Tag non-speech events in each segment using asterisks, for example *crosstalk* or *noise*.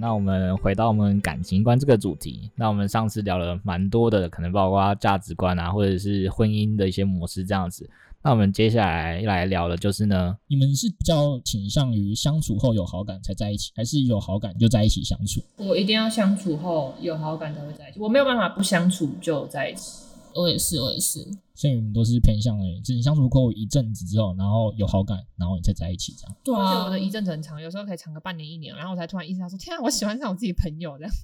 那我們回到我們感情觀這個主題。那我們上次聊了蠻多的，可能包括價值觀啊，或者是婚姻的一些模式這樣子。那我們接下來來聊的就是呢，你們是比較傾向於相處後有好感才在一起，還是有好感就在一起相處？我一定要相處後有好感才會在一起，我沒有辦法不相處就在一起。我也是，我也是。所以你們都是偏向而已。就是你相處過一陣子之後，然後有好感，然後你再在一起這樣。對啊。我覺得一陣子很長，有時候可以長個半年、一年，然後我才突然意識到說，天啊，我喜歡上我自己的朋友這樣。 *laughs*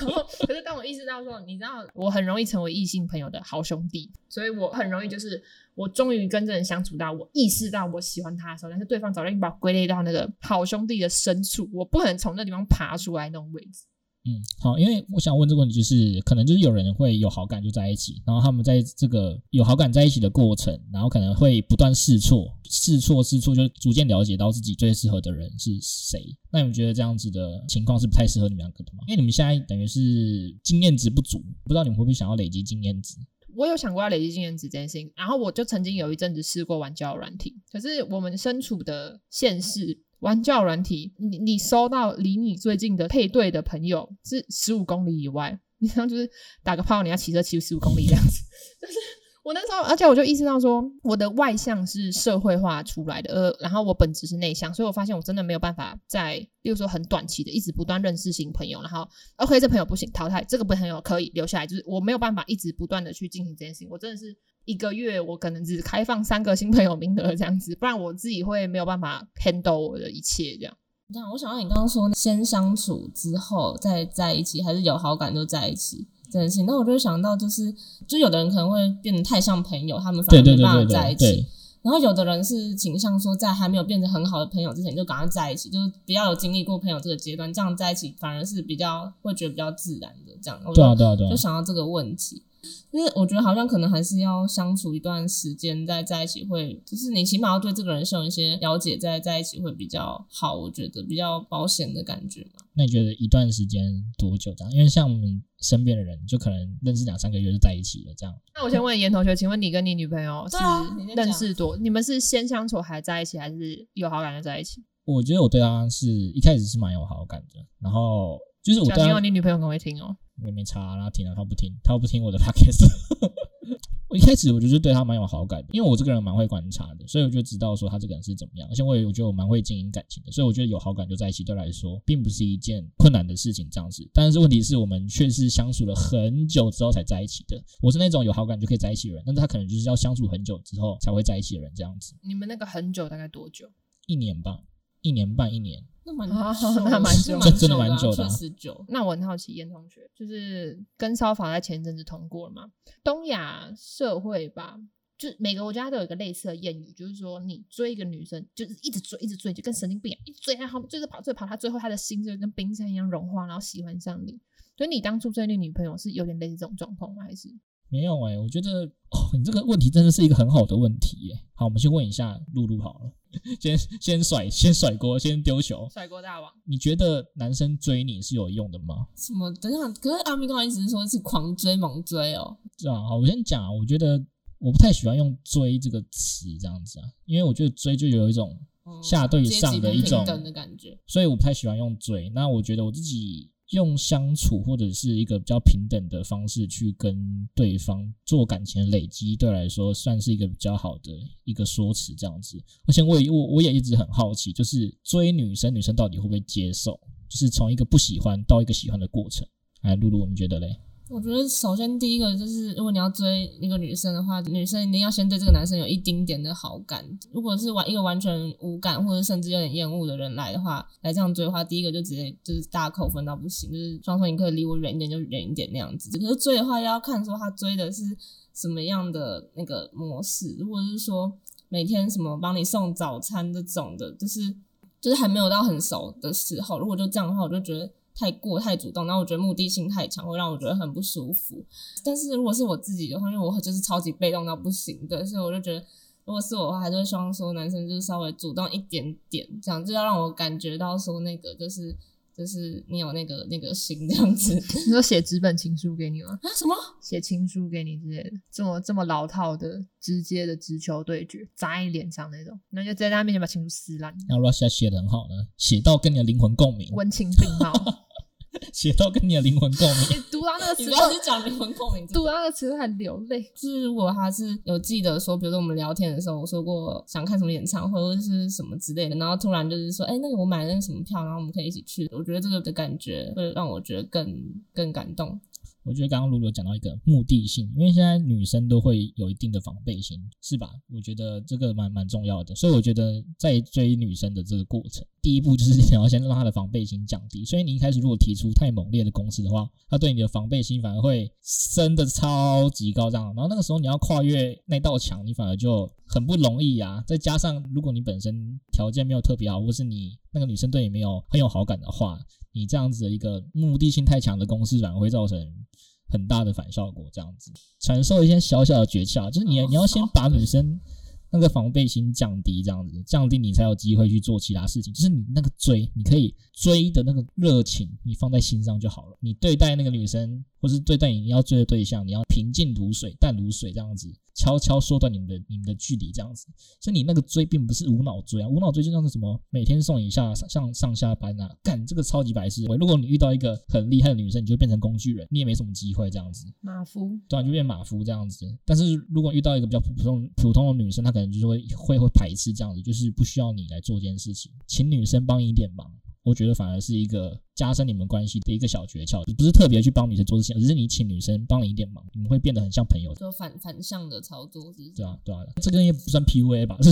然後，可是當我意識到說，你知道，我很容易成為異性朋友的好兄弟，所以我很容易就是，我終於跟這人相處到我意識到我喜歡他的時候，但是對方早就已經把我歸類到那個好兄弟的深處，我不可能從那地方爬出來那種位置。嗯，好，因為我想問這個問題，就是可能就是有人會有好感就在一起，然後他們在這個有好感在一起的過程，然後可能會不斷試錯，試錯試錯，就逐漸了解到自己最適合的人是誰。那你們覺得這樣子的情況是不太適合你們兩個的嗎？因為你們現在等於是經驗值不足，不知道你們會不會想要累積經驗值？我有想過要累積經驗值這件事情，然後我就曾經有一陣子試過玩交友軟體，可是我們身處的現實。玩教軟體，你你收到離你最近的配對的朋友是十五公里以外，你然後就是打個炮，你要騎車騎十五公里這樣子。但、 *laughs* 就是我那時候，而且我就意識到說，我的外向是社會化出來的，呃，然後我本質是內向，所以我發現我真的沒有辦法在，例如說很短期的，一直不斷認識新朋友，然後 OK 這朋友不行淘汰，這個朋友可以留下來，就是我沒有辦法一直不斷的去進行這件事情，我真的是。一個月我可能只開放三個新朋友名額這樣子，不然我自己會沒有辦法 handle 我的一切這樣。這樣我想到你剛剛說，先相處之後再在一起，還是有好感就在一起真的是。那我就想到就是，就有的人可能會變得太像朋友，他們反而沒有辦法在一起，對對對對對對對。然後有的人是傾向說，在還沒有變得很好的朋友之前就趕快在一起，就是不要有經歷過朋友這個階段，這樣在一起反而是比較會覺得比較自然的這樣。對啊對啊對啊，就想到這個問題。就是我覺得好像可能還是要相處一段時間再在，在一起會，就是你起碼要對這個人是有一些了解，再在，在一起會比較好，我覺得比較保險的感覺嘛。那你覺得一段時間多久這樣？因為像我們身邊的人，就可能認識兩三個月就在一起了這樣。那我先問嚴同學，請問你跟你女朋友是認識多、啊你？你們是先相處還在一起，還是有好感就在一起？我覺得我對她是一開始是蠻有好感的，然後。就是我、啊。小朋你女朋友跟我會聽哦。我沒差、啊，他聽了，他不聽，他不聽我的 podcast。我一開始我覺得就對他蠻有好感的，因為我這個人蠻會觀察的，所以我就知道說他這個人是怎麼樣。而且我也我覺得我蠻會經營感情的，所以我覺得有好感就在一起，對來說並不是一件困難的事情這樣子。但是問題是，我們確實相處了很久之後才在一起的。我是那種有好感就可以在一起的人，但是他可能就是要相處很久之後才會在一起的人這樣子。你們那個很久大概多久？一年吧，一年半，一年。啊、哦，那蠻久，蠻的啊、真的蠻久、啊，那我很好奇，嚴同學，就是跟燒房在前一陣子通過了嘛？東亞社會吧，就每個國家都有一個類似的諺語，就是說你追一個女生，就是一直追，一直追，就跟神經病一樣，一直追她，然後追着跑，追着跑，她最後她的心就跟冰山一樣融化，然後喜歡上你。所以你當初追那女朋友是有點類似這種狀況嗎？還是？沒有、欸，哎，我覺得哦，你這個問題真的是一個很好的問題耶。好，我們先問一下露露好了，先先甩先甩鍋，先丟球，甩鍋大王。你覺得男生追你是有用的嗎？什麼？等一下，可是阿密剛才意思是說是狂追猛追哦，是吧、啊？好，我先講啊，我覺得我不太喜歡用“追”這個詞這樣子啊，因為我覺得“追”就有一種下對上的一種、嗯、等的感覺，所以我不太喜歡用“追”。那我覺得我自己。用相處或者是一個比較平等的方式去跟對方做感情的累積，對來說算是一個比較好的一個說辭這樣子。而且我也我我也一直很好奇，就是追女生，女生到底會不會接受？就是從一個不喜歡到一個喜歡的過程。哎，露露，你覺得嘞？我覺得首先第一個就是，如果你要追一個女生的話，女生一定要先對這個男生有一丁點的好感。如果是完一個完全無感或者甚至有點厭惡的人來的話，來這樣追的話，第一個就直接就是大扣分到不行，就是雙雙，你可以離我遠一點就遠一點那樣子。可是追的話，要看說他追的是什麼樣的那個模式。如果是說每天什麼幫你送早餐這種的，就是就是還沒有到很熟的時候，如果就這樣的話，我就覺得。太過太主動，然後我覺得目的性太強，會讓我覺得很不舒服。但是如果是我自己的話，因為我就是超級被動到不行的，所以我就覺得，如果是我的話，還是會希望說男生就是稍微主動一點點，這樣就要讓我感覺到說那個就是就是你有那個那個心這樣子。你說寫紙本情書給你嗎？啊什麼？寫情書給你之類的，這麼這麼老套的、直接的直球對決，砸你臉上那種？那就在他面前把情書撕爛。那如果寫寫得很好呢？寫到跟你的靈魂共鳴，文情並茂。 *laughs* 寫到跟你的靈魂共鳴，你讀到那個詞，你就講靈魂共鳴。讀到那個詞很流淚，就是我還是有記得說，比如說我們聊天的時候，我說過想看什麼演唱會或者是什麼之類的，然後突然就是說，哎，那個我買了什麼票，然後我們可以一起去。我覺得這個的感覺會讓我覺得更更感動。我覺得剛剛盧柳講到一個目的性，因為現在女生都會有一定的防備心，是吧？我覺得這個蠻蠻重要的，所以我覺得在追女生的這個過程。第一步就是你要先讓他的防備心降低，所以你一開始如果提出太猛烈的攻勢的話，他對你的防備心反而會升得超級高漲。然後那個時候你要跨越那道牆，你反而就很不容易啊。再加上如果你本身條件沒有特別好，或是你那個女生對你沒有很有好感的話，你這樣子的一個目的性太強的攻勢，反而會造成很大的反效果。這樣子傳授一些小小的訣竅，就是你你要先把女生。那個防備心降低，這樣子降低，你才有機會去做其他事情。就是你那個追，你可以追的那個熱情，你放在心上就好了。你對待那個女生，或是對待你要追的對象，你要平靜如水，淡如水這樣子，悄悄縮短你們的你們的距離這樣子。所以你那個追並不是無腦追啊，無腦追就像是什麼每天送你下像上，上下班啊，幹這個超級白痴。如果你遇到一個很厲害的女生，你就會變成工具人，你也沒什麼機會這樣子。馬夫，對，就變馬夫這樣子。但是如果遇到一個比較普通普通的女生，她。就是會會會排斥這樣子，就是不需要你來做一件事情，請女生幫你一點忙，我覺得反而是一個加深你們關係的一個小訣竅，不是特別去幫女生做事情，而是你請女生幫你一點忙，你會變得很像朋友。做反反向的操作是不是？對啊對啊，這個也不算 PUA 吧，是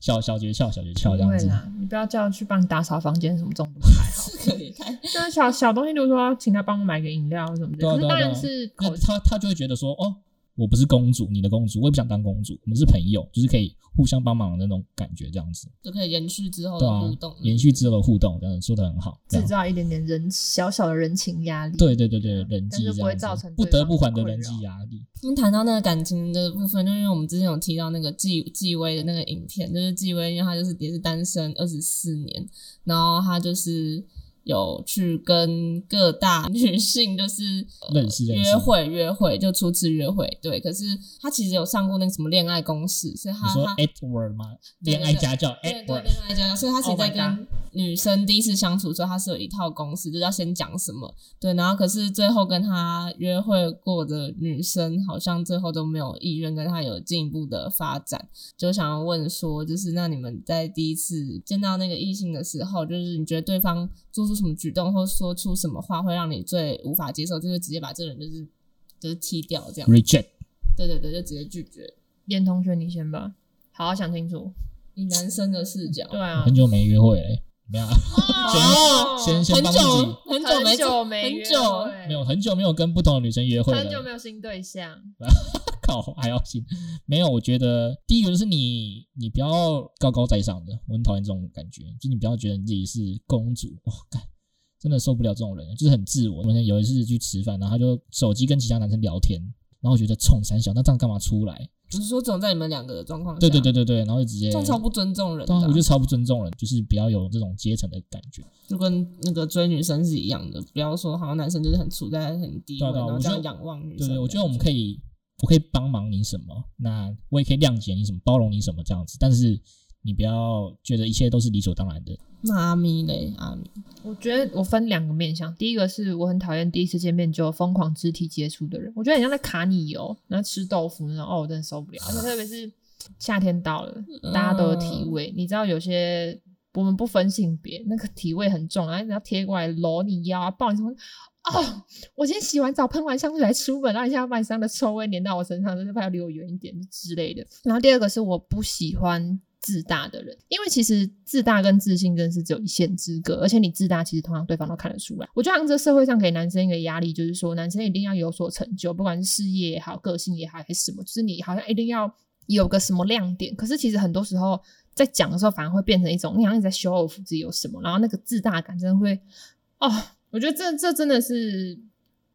小小訣竅，小訣竅這樣子。你不要叫他去幫你打掃房間什麼這種還好， *laughs* 就是小小東西，比如說請他幫我買個飲料什麼的，那、啊啊啊、當然是他他就會覺得說哦。我不是公主，你的公主，我也不想當公主。我們是朋友，就是可以互相幫忙的那種感覺，這樣子就可以延續之後的互動，啊，延續之後的互動，這樣子說得很好，啊、制造一點點人小小的人情壓力，對對對對，人際，但是不會造成不得不還的人際壓力。我談到那個感情的部分，就是、因為我們之前有提到那個紀紀薇的那個影片，就是紀薇，因為她就是也是單身二十四年，然後她就是。有去跟各大女性就是、呃、認識、認識、約會、約會，就初次約會。對，可是他其實有上過那個什麼戀愛公式，所以他說 Edward 嗎？戀愛家教，對對對，戀愛家教。所以他其實在跟女生第一次相處的時候，他是有一套公式，就是、要先講什麼？對，然後可是最後跟他約會過的女生，好像最後都沒有意願跟他有進一步的發展。就想要問說，就是那你們在第一次見到那個異性的時候，就是你覺得對方？做出什麼舉動或說出什麼話會讓你最無法接受，就是直接把這個人就是就是踢掉這樣。Reject。對對對，就直接拒絕。連同學，你先吧。好好想清楚，以男生的視角。 *coughs* 對啊。很久沒約會了，沒有啊，先、oh! 先先幫自己。很久很久沒很久,很久沒沒有、欸、很久沒有跟不同的女生約會了。很久沒有新對象。 *laughs* 好還要行。沒有，我覺得第一個就是你，你不要高高在上的，我很討厭這種感覺，就你不要覺得你自己是公主。哇、幹，真的受不了這種人，就是很自我。我有一次去吃飯，然後他就手機跟其他男生聊天，然後我覺得衝三小，那這樣幹嘛出來？就是說，總在你們兩個的狀況，對對對對對，然後就直接就超不尊重人，啊，我就超不尊重人，就是比較有這種階層的感覺，就跟那個追女生是一樣的，不要說好像男生就是很處在很低位，然後這樣仰望女生。對，對，對，我覺得我們可以。我可以幫忙你什麼，那我也可以諒解你什麼，包容你什麼這樣子。但是你不要覺得一切都是理所當然的。阿咪呢？阿咪，我覺得我分兩個面向。第一個是我很討厭第一次見面就瘋狂肢體接觸的人，我覺得很像在卡你油，然後吃豆腐那種，哦，我真的受不了。而 *laughs* 且特別是夏天到了，大家都有體味、呃，你知道有些我們不分性別，那個體味很重，然後要貼過來摟你腰啊，抱你什麼。哦，我先洗完澡，噴完香水，來出門，然後一下半身的臭味粘到我身上，就是怕要離我遠一點之類的。然後第二個是我不喜歡自大的人，因為其實自大跟自信真的是只有一線之隔，而且你自大其實通常對方都看得出來。我覺得這社會上給男生一個壓力，就是說男生一定要有所成就，不管是事業也好，個性也好，還是什麼，就是你好像一定要有個什麼亮點。可是其實很多時候在講的時候，反而會變成一種，你好像在 show off 自己有什麼，然後那個自大感真的會哦。我覺得這這真的是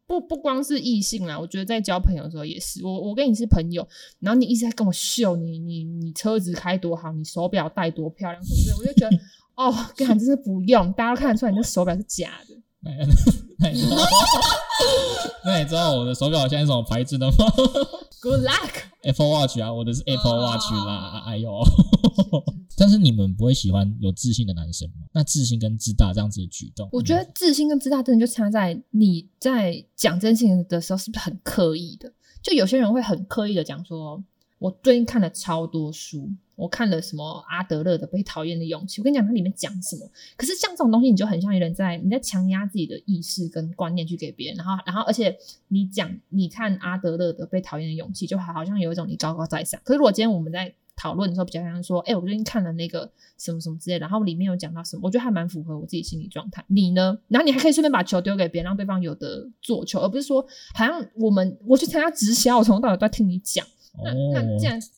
不不光是異性啦，我覺得在交朋友的時候也是。我我跟你是朋友，然後你一直在跟我秀你你你車子開多好，你手錶戴多漂亮，什麼的。我就覺得 *laughs* 哦，根本就是不用，大家都看得出來你的手錶是假的 *laughs* *laughs* *laughs* *laughs* *laughs* *laughs* *laughs* 那你知道我的手錶現在什麼牌子的嗎？ *laughs* Good luck，Apple Watch 啊，我的是 Apple Watch 啦、啊，oh. 哎呦！ *laughs* 但是你們不會喜歡有自信的男生嗎？那自信跟自大這樣子的舉動，我覺得自信跟自大真的就差在你在講真心的時候是不是很刻意的？就有些人會很刻意的講說，我最近看了超多書。我看了什麼阿德勒的《被討厭的勇氣》，我跟你講，它裡面講什麼。可是像這種東西，你就很像一個人在你在強壓自己的意識跟觀念去給別人。然後，然後，而且你講，你看阿德勒的《被討厭的勇氣》，就好像有一種你高高在上。可是如果今天我們在討論的時候，比較像說，哎，我最近看了那個什麼什麼之類，然後裡面有講到什麼，我覺得還蠻符合我自己心理狀態。你呢？然後你還可以順便把球丟給別人，讓對方有的做球，而不是說好像我們我去參加直銷，我從頭到尾都在聽你講。哦、oh，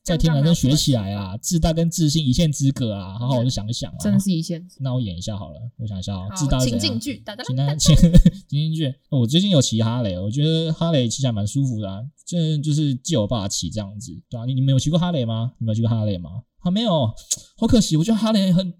在天南跟學起來啊，啊，自大跟自信一線之隔啊！好好，我就想一想，啊嗯，真的是一線。那我演一下好了，我想一下啊，啊。自大。情景劇，打情景劇，我最近有騎哈雷，我覺得哈雷騎起來蠻舒服的，啊，這，就是借我爸騎這樣子，對啊，你你們有騎過哈雷嗎？你們有騎過哈雷嗎？還、啊、沒有，好可惜。我覺得哈雷很。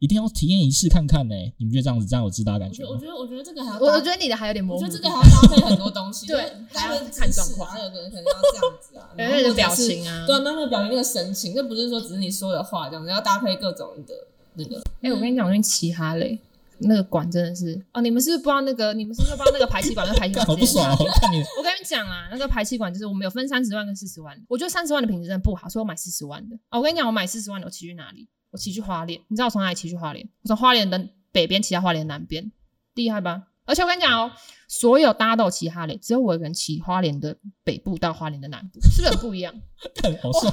一定要體驗一次看看呢、欸？你們覺得這樣子這樣有自大感覺？我覺得，我覺得這個還我，我覺得你的還有點模糊。我覺得這個還要搭配很多東西， *laughs* 對，還要看狀況，還有可能要這樣子啊， *laughs* 然後表情啊，對，那後表情那個神情，那不是說只是你說的話這樣子，要搭配各種的那個。哎、欸，我跟你講，我跟你騎哈嘞，那個管真的是哦，你們是不是不知道那個？你們是不是不知道那個排氣管跟排氣管？好 *laughs* 不爽！我跟你，我跟你講啊，那個排氣管就是我們有分三十萬跟四十萬，我覺得三十萬的品質真的不好，所以我買四十萬、哦、萬的。我跟你講，我買四十萬的，我騎去哪裡？我騎去花蓮，你知道我從哪裡騎去花蓮？我從花蓮的北邊騎到花蓮的南邊，厲害吧？而且我跟你講哦，所有大家都騎哈雷，只有我一個人騎花蓮的北部到花蓮的南部，是不是很不一樣？ *laughs* 好帥！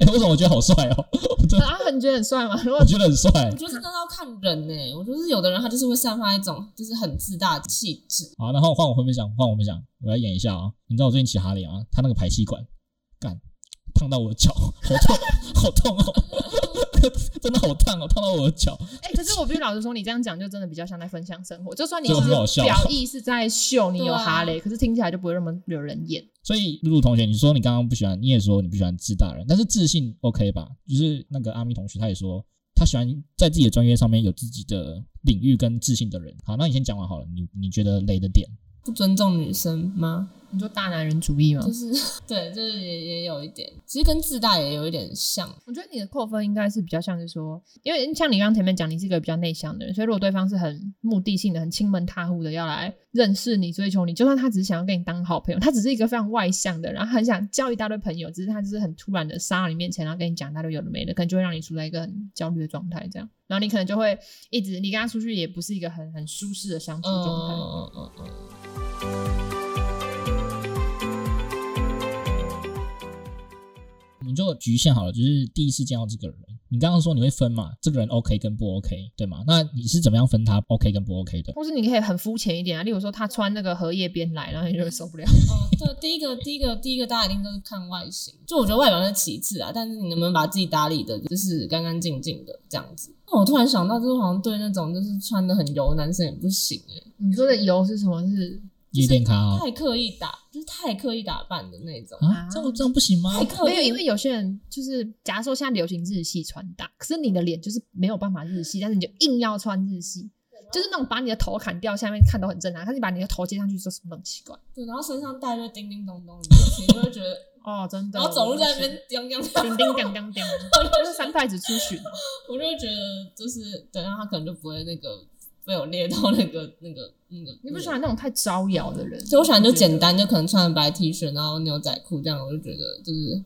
哎、欸，為什麼我覺得好帥哦？阿、啊、你覺得很帥嗎我？我覺得很帥。我覺得真的要看人呢、欸。我就是有的人他就是會散發一種就是很自大的氣質。好、啊，然後換我會不會講，換我們講，我來演一下啊！你知道我最近騎哈雷啊？他那個排氣管乾燙到我的腳，好痛，好痛哦！ *laughs* *laughs* 真的好燙哦，燙到我的腳。哎、欸，可是我必須老實說，你這樣講就真的比較像在分享生活。就算你是表意是在秀你有哈雷，可是聽起來就不會那麼惹人厭。所以露露同學，你說你剛剛不喜歡，你也說你不喜歡自大人，但是自信 OK 吧？就是那個阿咪同學，他也說他喜歡在自己的專業上面有自己的領域跟自信的人。好，那你先講完好了。你你覺得雷的點？不尊重女生嗎？你說大男人主義嗎？就是，對，就是也也有一點，其實跟自大也有一點像。我覺得你的扣分應該是比較像是說，因為像你剛剛前面講，你是一個比較內向的人，所以如果對方是很目的性的、很親門踏戶的要來認識你、追求你，就算他只是想要跟你當好朋友，他只是一個非常外向的，然後很想交一大堆朋友，只是他只是很突然的殺到你面前，然後跟你講他都有的沒的，可能就會讓你處在一個很焦慮的狀態，這樣，然後你可能就會一直你跟他出去也不是一個很很舒適的相處狀態。嗯嗯嗯。你就局限好了，就是第一次見到這個人，你剛剛說你會分嘛，這個人 OK 跟不 OK 對嗎？那你是怎麼樣分他 OK 跟不 OK 的？或是你可以很膚淺一點啊，例如說他穿那個荷葉邊來，然後你就受不了。嗯、 *laughs* 哦，對，第一個，第一個，第一個，大家一定都是看外形，就我覺得外表是其次啊，但是你能不能把自己打理的，就是乾乾淨淨的這樣子。那我突然想到，就是好像對那種就是穿的很油的男生也不行哎、欸。你說的油是什麼？是？.就是、太刻意打，就是太刻意打扮的那種、啊。這、啊、樣這樣不行嗎？沒有，因為有些人就是，假如說現在流行日系穿搭，可是你的臉就是沒有辦法日系，但是你就硬要穿日系，就是那種把你的頭砍掉，下面看都很正常、啊，但是你把你的頭接上去就是很奇怪對。然後身上帶着叮叮咚咚的東西，我就會覺得 *laughs* 哦真的。然後走路在那邊叮叮叮叮叮叮叮， *laughs* 就是三太子出巡、啊， *laughs* 我就覺得就是，等下他可能就不會那個。被我列到那個那個那個，你不喜歡那種太招搖的人，嗯，所以我喜歡就簡單，就可能穿白 T 恤然後牛仔褲這樣，我就覺得就是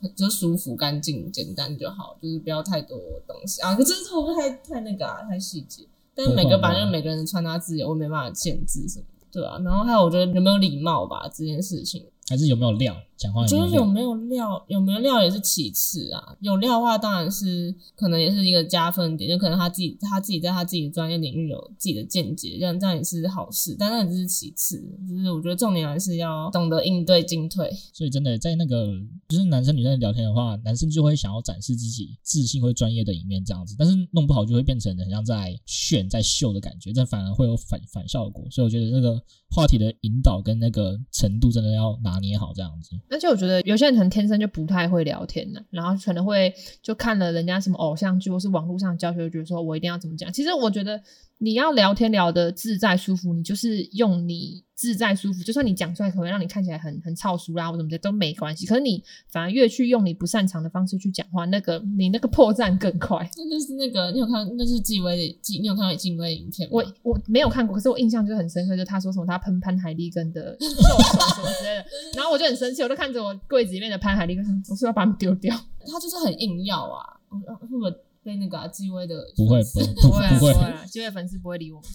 很就舒服、乾淨、簡單就好，就是不要太多東西啊，就是我不太太那個啊，太細節。但是每個反正每個人穿搭自由，我也沒辦法限制什麼，對啊，然後還有我覺得有沒有禮貌吧，這件事情還是有沒有量，講話，就是有沒有料，有沒有料也是其次啊。有料的話，當然是可能也是一個加分點，就可能他自己他自己在他自己的專業領域有自己的見解，這樣這樣也是好事。但那只是其次，就是我覺得重點還是要懂得應對進退。所以真的、欸、在那個就是男生女生聊天的話，男生就會想要展示自己自信或專業的一面這樣子，但是弄不好就會變成很像在炫在秀的感覺，但反而會有反反效果。所以我覺得那個話題的引導跟那個程度真的要拿捏好這樣子。而且我覺得有些人可能天生就不太會聊天呢，然後可能會就看了人家什麼偶像劇或是網絡上教學，就覺得說我一定要怎麼講。其實我覺得。你要聊天聊得自在舒服，你就是用你自在舒服，就算你講出來可能讓你看起來很很粗俗啦、啊，我怎麼的都沒關係。可是你反而越去用你不擅長的方式去講話，那個你那個破綻更快、嗯。那就是那個你有看那是紀薇紀你有看紀薇影片嗎？我我沒有看過，可是我印象就很深刻，就他說什麼他噴潘海利根的獸首什麼之類的， *laughs* 然後我就很生氣，我就看着我櫃子裡面的潘海利根，我說要把他們丟掉。他就是很硬要啊，我他們。是被那個基威的粉不會不會不，不會啊！基 *laughs* 威粉絲不會理我們。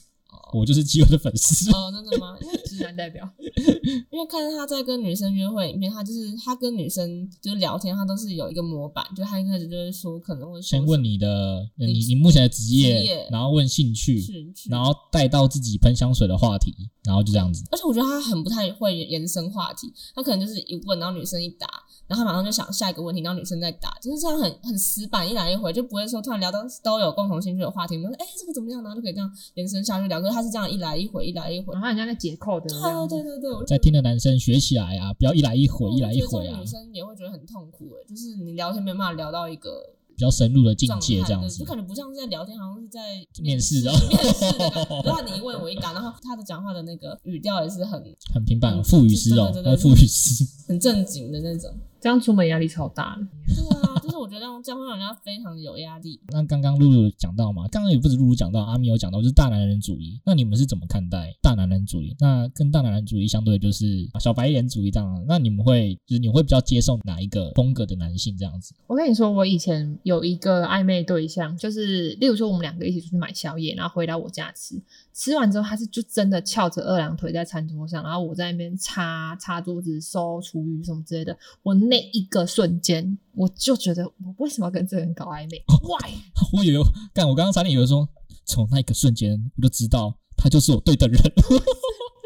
我就是基友的粉絲 *laughs* 哦，真的嗎？直男代表， *laughs* 因為看到他在跟女生約會影片裡面，他就是他跟女生就是聊天，他都是有一個模板，就他一開始就是說可能會說先問你的你你目前的職業,業，然後問興趣，然後帶到自己噴香水的話題，然後就這樣子。而且我覺得他很不太會延伸話題，他可能就是一問，然後女生一答，然後他馬上就想下一個問題，然後女生再答，就是這樣很很死板一來一回，就不會說突然聊到都有共同興趣的話題，我們說哎、欸、這個怎麼樣，然後就可以這樣延伸下去聊個。他是這樣一來一回，一來一回，然後人家在解扣的、啊，對對對對對，在聽的男生學起來啊，不要一來一回，一來一回啊。女生也會覺得很痛苦、欸，哎，就是你聊天沒辦法聊到一個比較深入的境界，這樣子。就感覺不像是在聊天，好像是在面試啊，面試、喔那個、然後你一問我一答，然後他的講話的那個語調也是很 *laughs* 很平板、喔，腹語師哦、喔，對語很正經的那種，這樣出門壓力超大。對啊。我覺得這樣會讓人家非常有壓力。那剛剛露露講到嘛，剛剛也不止露露講到，阿米有講到，就是大男人主義。那你們是怎麼看待大男人主義？那跟大男人主義相對，就是小白臉主義這樣。那你們會就是你會比較接受哪一個風格的男性這樣子？我跟你說，我以前有一個曖昧對象，就是例如說我們兩個一起出去買宵夜，然後回到我家吃，吃完之後他是就真的翹着二郎腿在餐桌上，然後我在那邊擦擦桌子、收廚餘什麼之類的。我那一個瞬間，我就覺得。我為什麼要跟這個人搞曖昧？Why？、Oh, 我以為，幹，我剛剛差點以為說，從那一個瞬間我就知道他就是我對的人。 *laughs*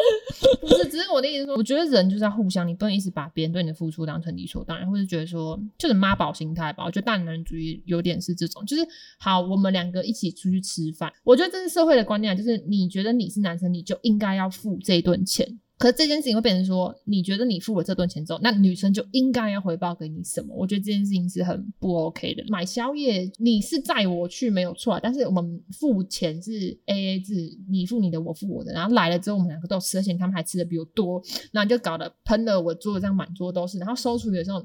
不是，只是我的意思說，我覺得人就是要互相，你不能一直把別人對你的付出當成理所當然，或是覺得說就是媽寶心態吧。我覺得大男人主義有點是這種，就是好，我們兩個一起出去吃飯，我覺得這是社會的觀念，就是你覺得你是男生，你就應該要付這頓錢。可是這件事情會變成說，你覺得你付了這頓錢之後，那女生就應該要回報給你什麼？我覺得這件事情是很不 OK 的。買宵夜你是帶我去沒有錯，但是我們付錢是 AA 制，你付你的，我付我的。然後來了之後，我們兩個都吃了，而且他們還吃的比我多，然後就搞得噴的我桌子上滿桌都是。然後收出去的時候，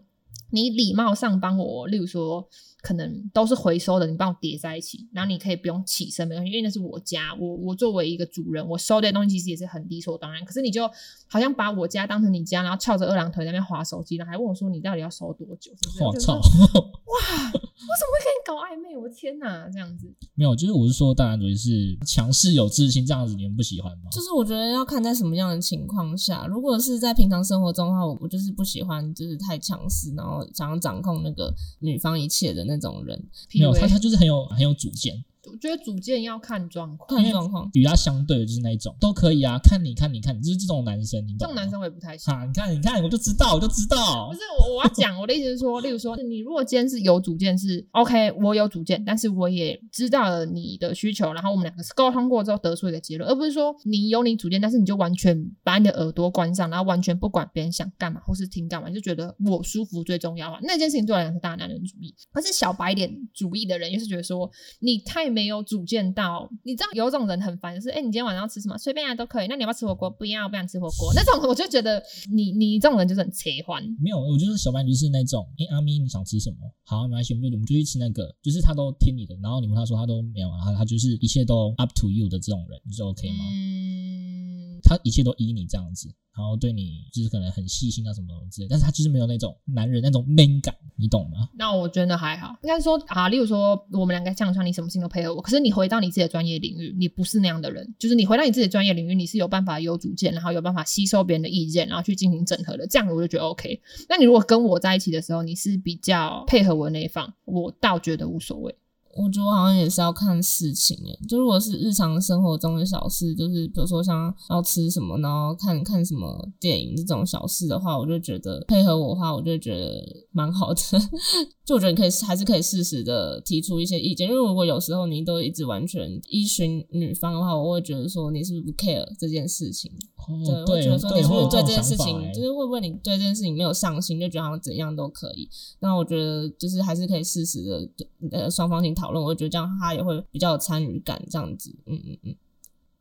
你禮貌上幫我，例如說。可能都是回收的，你幫我疊在一起，然後你可以不用起身沒關係，因為那是我家，我我作為一個主人，我收的東西其實也是很理所當然。可是你就好像把我家當成你家，然後翹着二郎腿在那邊滑手機，然後還問我說，你到底要收多久？我操！哇，我，哇哇 *laughs* 我怎麼會跟你搞曖昧？我天哪、啊，這樣子沒有，就是我是說，當然，大男子主義是強勢、有自信這樣子，你們不喜歡嗎？就是我覺得要看在什麼樣的情況下，如果是在平常生活中的話，我我就是不喜歡，就是太強勢，然後想要掌控那個女方一切的那個。那種人，沒有，他他就是很有很有主見。我覺得主見要看狀況，狀、嗯、況、比、嗯、較相對的就是那一種都可以啊，看你看你看你，就是這種男生你，這種男生我也不太喜歡。你看你看，我就知道，我就知道。不是，我要講 *laughs* 我的意思是說，例如說，你如果今天是有主見是 OK，我有主見，但是我也知道了你的需求，然後我們兩個是溝通過之後得出一個結論，而不是說你有你主見，但是你就完全把你的耳朵關上，然後完全不管別人想幹嘛或是聽幹嘛，就覺得我舒服最重要啊。那件事情對我來講是大男人主義，但是小白臉主義的人，又是覺得說你太。沒有主見到，你知道有種人很煩，就是哎、欸，你今天晚上要吃什麼？隨便來都可以。那你要不要吃火鍋？不要，不想吃火鍋。 *laughs* 那種我就覺得你你這種人就是很切換。沒有，我就是小白就是那種，哎、欸，阿咪你想吃什麼？好，沒關係，我們就，就，就去吃那個。就是他都聽你的，然後你問他說他都沒有，然後他就是一切都 up to you 的這種人，你就 OK 嗎？嗯他一切都依你這樣子，然後對你就是可能很細心啊什麼東西之類，但是他就是沒有那種男人那種 man 感，你懂嗎？那我覺得還好，應該說啊，例如說我們兩個相處，你什麼心都配合我，可是你回到你自己的專業領域，你不是那樣的人，就是你回到你自己的專業領域，你是有辦法有主見，然後有辦法吸收別人的意見，然後去進行整合的，這樣我就覺得 OK。那你如果跟我在一起的時候，你是比較配合我的那一方，我倒覺得無所謂。我覺得好像也是要看事情耶，就如果是日常生活中的小事，就是比如說像要吃什麼，然後看看什麼電影這種小事的話，我就覺得配合我的話，我就覺得蠻好的。 *laughs* 就我覺得你可以還是可以適時的提出一些意見，因為如果有時候你都一直完全依循女方的話，我會覺得說你是不是不 care 這件事情，哦、對，會覺得說你是不是對這件事情、哦啊、就是會不會你對這件事情沒有上心、哦，就覺得好像怎樣都可以。那我覺得就是還是可以適時的呃雙方性討。討論，我覺得這樣他也會比較有參與感，這樣子。嗯嗯嗯，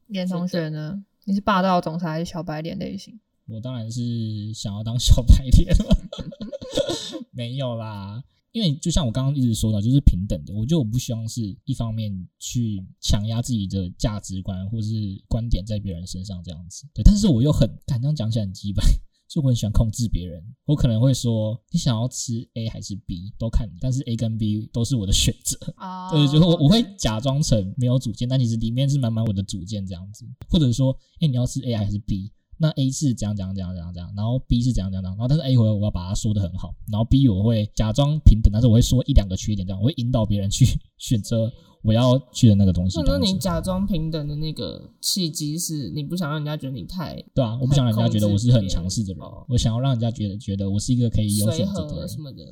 林同學呢？你是霸道總裁還是小白臉類型？我當然是想要當小白臉了， *laughs* *laughs* 沒有啦。因為就像我剛剛一直說的，就是平等的。我就我不希望是一方面去強壓自己的價值觀或是觀點在別人身上這樣子。對，但是我又很坦，這講起來很基本，很雞掰。就我很喜歡控制別人，我可能會說你想要吃 A 還是 B 都看你，但是 A 跟 B 都是我的選擇。Oh, okay. 對，就我我會假裝成沒有主見，但其實裡面是滿滿我的主見這樣子。或者說，哎、欸，你要吃 A 還是 B？那 A 是怎樣怎樣怎樣怎樣怎樣，然後 B 是怎樣怎樣怎樣，然後但是 A 回我要把它說的很好，然後 B 我會假裝平等，但是我會說一兩個缺點這樣，我會引導別人去選擇。我要去的那個東西、嗯，那你假裝平等的那個契機，是你不想讓人家覺得你太，對啊，我不想讓人家覺得我是很強勢的人，哦、我想要讓人家覺得覺得我是一個可以有選擇的、的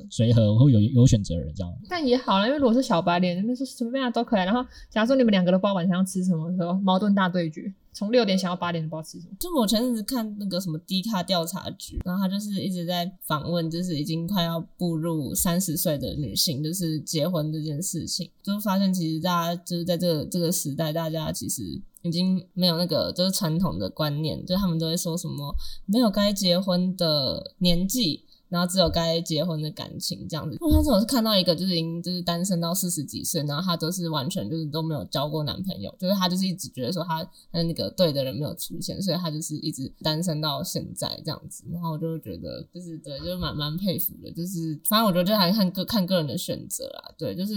隨和，我會有有選擇的人這樣。但也好了，因為如果是小白臉，那是什麼樣都可以。然後，假如說你們兩個都不知道晚上要吃什麼的時候，矛盾大對決。從六點想要八點，不知道吃什麼。就我前陣子看那個什麼 D 卡調查局，然後他就是一直在訪問，就是已經快要步入三十歲的女性，就是結婚這件事情，就發現其實大家就是在這個這個時代，大家其實已經沒有那個就是傳統的觀念，就他們都會說什麼沒有該結婚的年紀。然後只有該結婚的感情這樣子。上次我是看到一個，就是已經就是單身到四十幾歲，然後他都是完全就是都沒有交過男朋友，就是他就是一直覺得說他他那個對的人沒有出現，所以他就是一直單身到現在這樣子。然後我就覺得就是對，就蠻蠻佩服的。就是反正我覺得這還看，看個看個人的選擇啦，對，就是。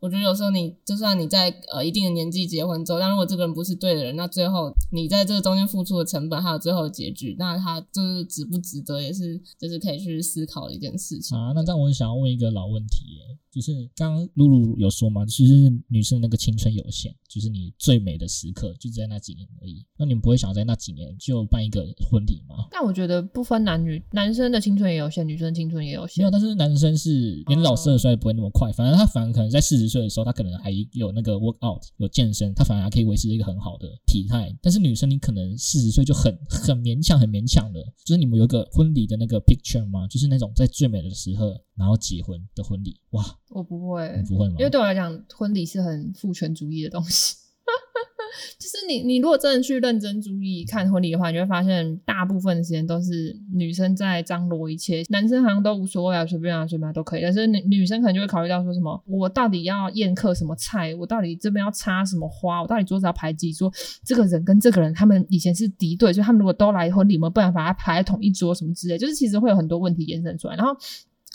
我覺得有時候你就算你在呃一定的年紀結婚之後，但如果這個人不是對的人，那最後你在這個中間付出的成本還有最後的結局，那他就是值不值得，也是就是可以去思考的一件事情啊。那但我想要問一個老問題，就是剛剛露露有說嘛，其、就、實是女生那個青春有限，就是你最美的時刻就在那幾年而已。那你們不會想在那幾年就辦一個婚禮嗎？那我覺得不分男女，男生的青春也有限，女生的青春也有限。沒有，但是男生是年老色衰不會那麼快，反正他反而可能在四十。歲的時候，他可能還有那個 work out 有健身，他反而還可以維持一個很好的體態。但是女生，你可能四十歲就很很勉強、很勉強了， *laughs* 就是你們有一個婚禮的那個 picture 嗎？就是那種在最美的時候，然後結婚的婚禮。哇，我不會，你不會嗎？因為對我來講，婚禮是很父權主義的東西。 *laughs* 哈哈哈，就是你，你如果真的去認真注意看婚禮的話，你會發現大部分的時間都是女生在張羅一切，男生好像都無所謂啊，隨便啊，隨便啊，都可以。但是女，女生可能就會考慮到說什麼，我到底要宴客什麼菜，我到底這邊要插什麼花，我到底桌子要排幾桌，這個人跟這個人他們以前是敵對，就他們如果都來婚禮，我們不然把它排在同一桌什麼之類，就是其實會有很多問題延伸出來。然後，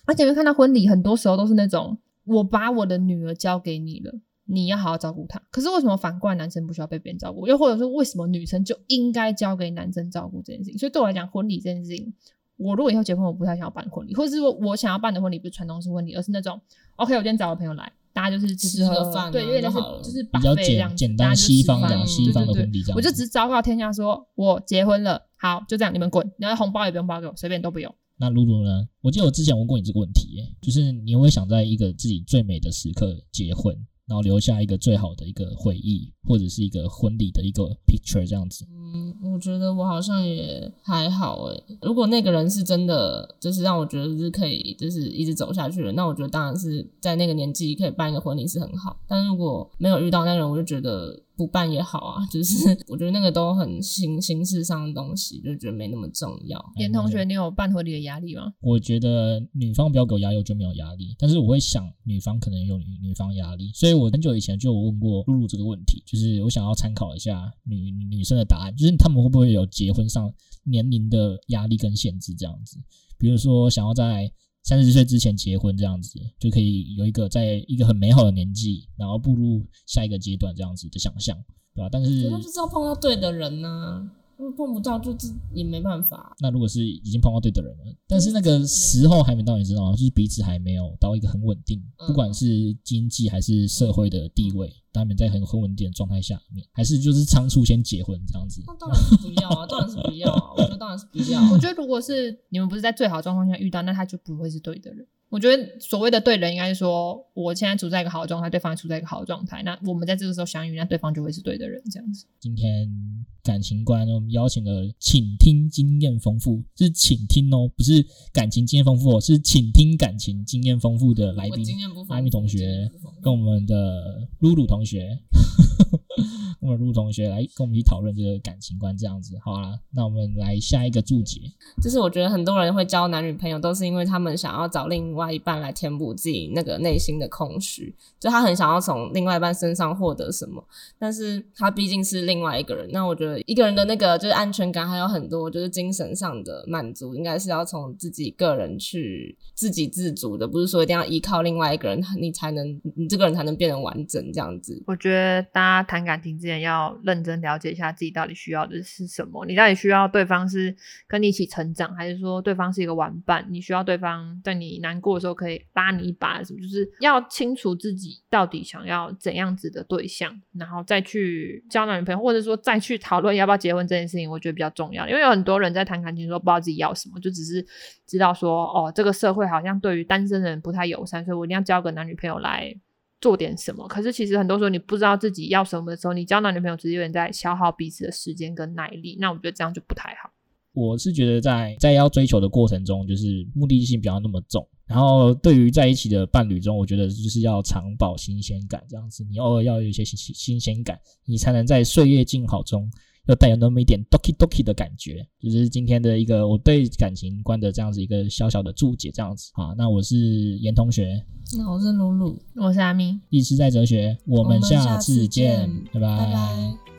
而且會看到婚禮很多時候都是那種，我把我的女兒交給你了。你要好好照顧他。可是為什麼反過來男生不需要被別人照顧？又或者說為什麼女生就應該交給男生照顧這件事情？所以對我來講，婚禮這件事情，我如果以後結婚，我不太想要辦婚禮，或者是我想要辦的婚禮不是傳統式婚禮，而是那種 OK，我今天找個朋友來，大家就是吃，吃喝吃、啊、對，因為那是就是比較簡簡單西方講西方的婚禮，這樣，對對對這樣我就只昭告天下說我結婚了，好就這樣，你們滾，然後紅包也不用包給我，隨便都不用。那露露呢？我記得我之前問過你這個問題耶，就是你會想在一個自己最美的時刻結婚？然後留下一個最好的一個回憶，或者是一個婚禮的一個 picture 這樣子。嗯，我覺得我好像也還好哎。如果那個人是真的，就是讓我覺得是可以，就是一直走下去了，那我覺得當然是在那個年紀可以辦一個婚禮是很好。但如果沒有遇到那個人，我就覺得。不辦也好啊，就是我覺得那個都很形形式上的東西，就覺得沒那麼重要。嚴同學，你有辦婚禮的壓力嗎？我覺得女方不要給我壓力我就沒有壓力，但是我會想女方可能有女女方壓力，所以我很久以前就有問過露露這個問題，就是我想要參考一下女女生的答案，就是他們會不會有結婚上年齡的壓力跟限制這樣子，比如說想要在。三十歲之前結婚，這樣子就可以有一個，在一個很美好的年紀，然後步入下一個階段，這樣子的想象，對吧、啊？但是，就是要碰到對的人呢、啊，嗯、碰不到就是也沒辦法。那如果是已經碰到對的人了，但是那個時候還沒到，你知道嗎？就是彼此還沒有到一個很穩定，不管是經濟還是社會的地位。嗯他們在很有很穩定的狀態下面，面還是就是倉促先結婚這樣子？ *laughs* *laughs* 那當然是不要啊，當然是不要啊！我覺得當然是不要啊。 *laughs* 我覺得如果是你們不是在最好的狀況下遇到，那他就不會是對的人。我覺得所謂的對人，應該是說，我現在處在一個好的狀態，對方處在一個好的狀態，那我們在這個時候相遇，那對方就會是對的人，這樣子。今天感情觀，我們邀請了傾聽經驗豐富，是傾聽哦，不是感情經驗豐富哦，哦是傾聽感情經驗豐富的來賓，艾米同學我跟我們的露露同學。呵呵 *laughs* 我們陸同學來跟我們去討論這個感情觀，這樣子好了。那我們來下一個注解，就是我覺得很多人會交男女朋友，都是因為他們想要找另外一半來填補自己那個內心的空虛，就他很想要從另外一半身上獲得什麼，但是他畢竟是另外一個人。那我覺得一個人的那個就是安全感，還有很多就是精神上的滿足，應該是要從自己個人去自給自足的，不是說一定要依靠另外一個人，你才能你這個人才能變得完整這樣子。我覺得大家。他談感情之前要認真了解一下自己到底需要的是什麼。你到底需要對方是跟你一起成長，還是說對方是一個玩伴？你需要對方在你難過的時候可以拉你一把，什麼？就是要清楚自己到底想要怎樣子的對象，然後再去交男女朋友，或者說再去討論要不要結婚這件事情。我覺得比較重要，因為有很多人在談感情的時候不知道自己要什麼，就只是知道說哦，這個社會好像對於單身人不太友善，所以我一定要交個男女朋友來。做點什麼，可是其實很多時候你不知道自己要什麼的時候，你交男女朋友直接有點在消耗彼此的時間跟耐力，那我覺得這樣就不太好。我是覺得在在要追求的過程中，就是目的性不要那麼重，然後對於在一起的伴侶中，我覺得就是要常保新鮮感，這樣子你偶爾要有一些新新鮮感，你才能在歲月靜好中。要帶有那麼一點 doki doki 的感覺，就是今天的一個我對感情觀的這樣子一個小小的注解，這樣子啊。那我是嚴同學，那我是露露，我是阿咪，一直在哲學，我們，我們下次見，拜拜。拜拜。